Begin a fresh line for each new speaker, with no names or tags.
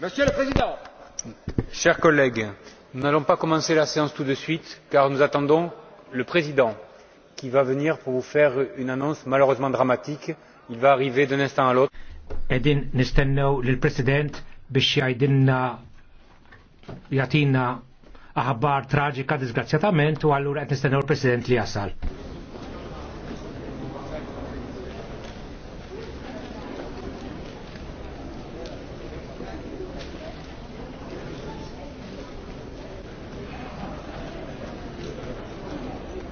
Monsieur le Président. Chers collègues, nous n'allons pas commencer la séance tout de suite car nous attendons le président
qui va venir pour vous faire une annonce malheureusement dramatique. Il va arriver d'un instant à l'autre.
Edin nistennew lill-President biex jgħidilna jagħtina aħbar traġika disgrazzjatament u allura qed nistennew il-President li jasal.